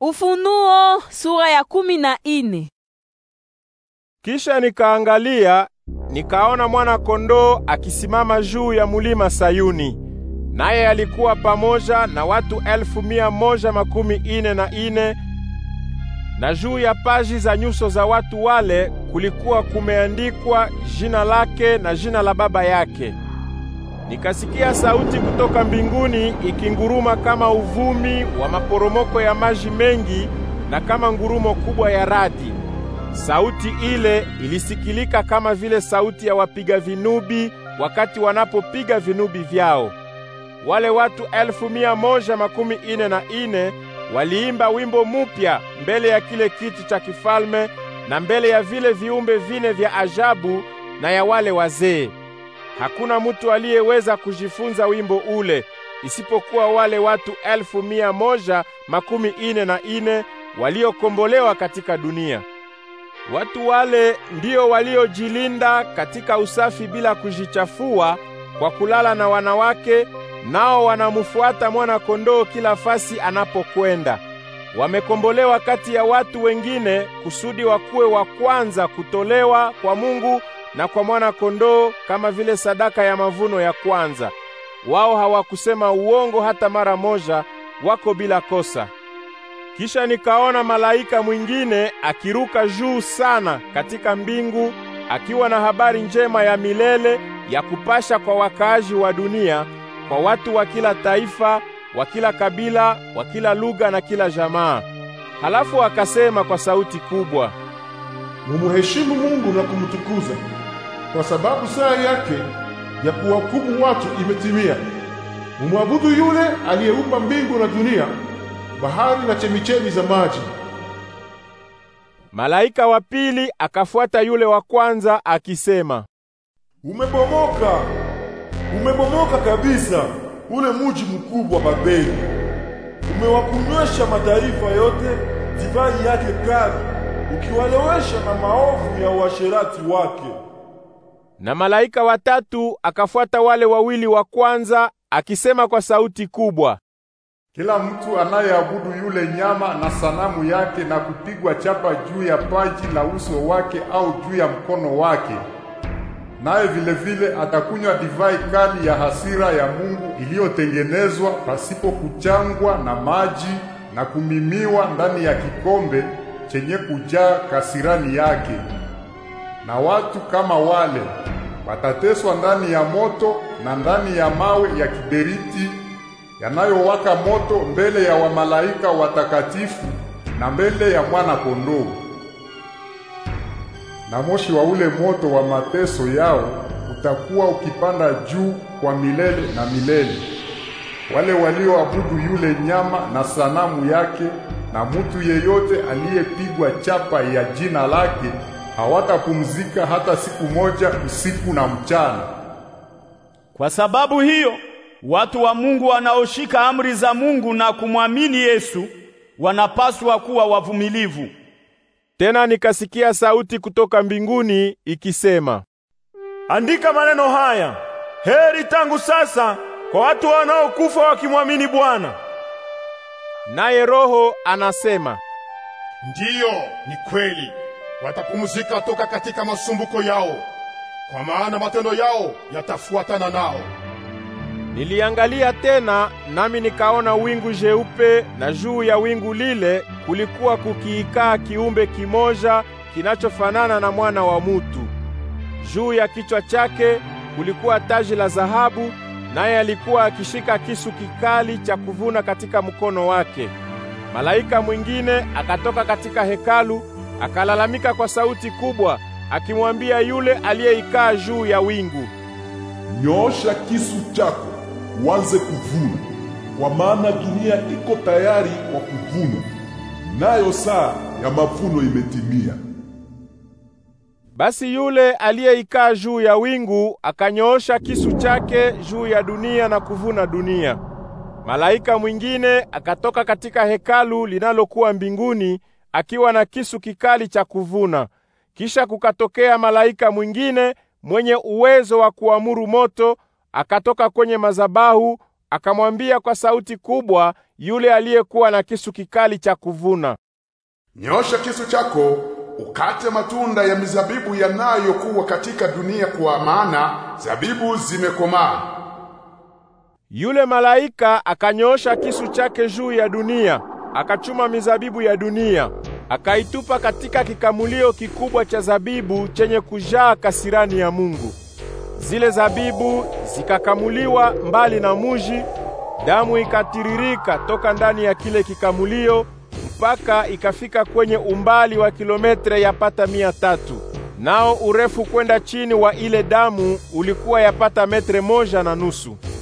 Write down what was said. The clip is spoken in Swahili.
Ufunuo sura ya kumi na ine. Kisha nikaangalia nikaona mwana kondoo akisimama juu ya mulima Sayuni, naye alikuwa pamoja na watu elfu mia moja makumi ine na ine, na juu ya paji za nyuso za watu wale kulikuwa kumeandikwa jina lake na jina la baba yake. Nikasikia sauti kutoka mbinguni ikinguruma kama uvumi wa maporomoko ya maji mengi na kama ngurumo kubwa ya radi. Sauti ile ilisikilika kama vile sauti ya wapiga vinubi wakati wanapopiga vinubi vyao. Wale watu elfu mia moja makumi ine na ine waliimba wimbo mupya mbele ya kile kiti cha kifalme na mbele ya vile viumbe vine vya ajabu na ya wale wazee. Hakuna mutu aliyeweza kujifunza wimbo ule isipokuwa wale watu elfu mia moja makumi ine na ine waliokombolewa katika dunia. Watu wale ndio waliojilinda katika usafi bila kujichafua kwa kulala na wanawake, nao wanamufuata mwana kondoo kila fasi anapokwenda. Wamekombolewa kati ya watu wengine kusudi wakuwe wa kwanza kutolewa kwa Mungu na kwa mwana-kondoo kama vile sadaka ya mavuno ya kwanza. Wao hawakusema uongo hata mara moja, wako bila kosa. Kisha nikaona malaika mwingine akiruka juu sana katika mbingu akiwa na habari njema ya milele ya kupasha kwa wakaaji wa dunia, kwa watu wa kila taifa, wa kila kabila, wa kila lugha na kila jamaa. Halafu akasema kwa sauti kubwa, mumuheshimu Mungu na kumtukuza kwa sababu saa yake ya kuwahukumu watu imetimia. Mumwabudu yule aliyeumba mbingu na dunia, bahari na chemichemi za maji. Malaika wa pili akafuata yule wa kwanza akisema, Umebomoka, umebomoka kabisa ule muji mkubwa Babeli. Umewakunywesha mataifa yote divai yake kali, ukiwalowesha na maovu ya uasherati wake. Na malaika watatu akafuata wale wawili wa kwanza akisema kwa sauti kubwa, kila mtu anayeabudu yule nyama na sanamu yake na kupigwa chapa juu ya paji la uso wake au juu ya mkono wake, naye vilevile atakunywa divai kali ya hasira ya Mungu iliyotengenezwa pasipo kuchangwa na maji na kumimiwa ndani ya kikombe chenye kujaa kasirani yake. Na watu kama wale watateswa ndani ya moto na ndani ya mawe ya kiberiti yanayowaka moto mbele ya wamalaika watakatifu na mbele ya mwana kondoo. Na moshi wa ule moto wa mateso yao utakuwa ukipanda juu kwa milele na milele. Wale walioabudu yule nyama na sanamu yake na mutu yeyote aliyepigwa chapa ya jina lake hawatapumzika hata siku moja usiku na mchana. Kwa sababu hiyo, watu wa Mungu wanaoshika amri za Mungu na kumwamini Yesu wanapaswa kuwa wavumilivu. Tena nikasikia sauti kutoka mbinguni ikisema, andika maneno haya, heri tangu sasa kwa watu wanaokufa wakimwamini Bwana. Naye Roho anasema, ndiyo, ni kweli watapumzika toka katika masumbuko yao, kwa maana matendo yao yatafuatana nao. Niliangalia tena nami nikaona wingu jeupe, na juu ya wingu lile kulikuwa kukiikaa kiumbe kimoja kinachofanana na mwana wa mutu. Juu ya kichwa chake kulikuwa taji la dhahabu, naye alikuwa akishika kisu kikali cha kuvuna katika mkono wake. Malaika mwingine akatoka katika hekalu akalalamika kwa sauti kubwa akimwambia yule aliyeikaa juu ya wingu, nyoosha kisu chako uanze kuvuna, kwa maana dunia iko tayari kwa kuvunwa, nayo saa ya mavuno imetimia. Basi yule aliyeikaa juu ya wingu akanyoosha kisu chake juu ya dunia na kuvuna dunia. Malaika mwingine akatoka katika hekalu linalokuwa mbinguni akiwa na kisu kikali cha kuvuna. Kisha kukatokea malaika mwingine mwenye uwezo wa kuamuru moto, akatoka kwenye mazabahu, akamwambia kwa sauti kubwa yule aliyekuwa na kisu kikali cha kuvuna, nyosha kisu chako ukate matunda ya mizabibu yanayokuwa katika dunia, kwa maana zabibu zimekomaa. Yule malaika akanyoosha kisu chake juu ya dunia akachuma mizabibu ya dunia akaitupa katika kikamulio kikubwa cha zabibu chenye kujaa kasirani ya Mungu. Zile zabibu zikakamuliwa mbali na muji, damu ikatiririka toka ndani ya kile kikamulio mpaka ikafika kwenye umbali wa kilometre yapata mia tatu, nao urefu kwenda chini wa ile damu ulikuwa yapata metre moja na nusu.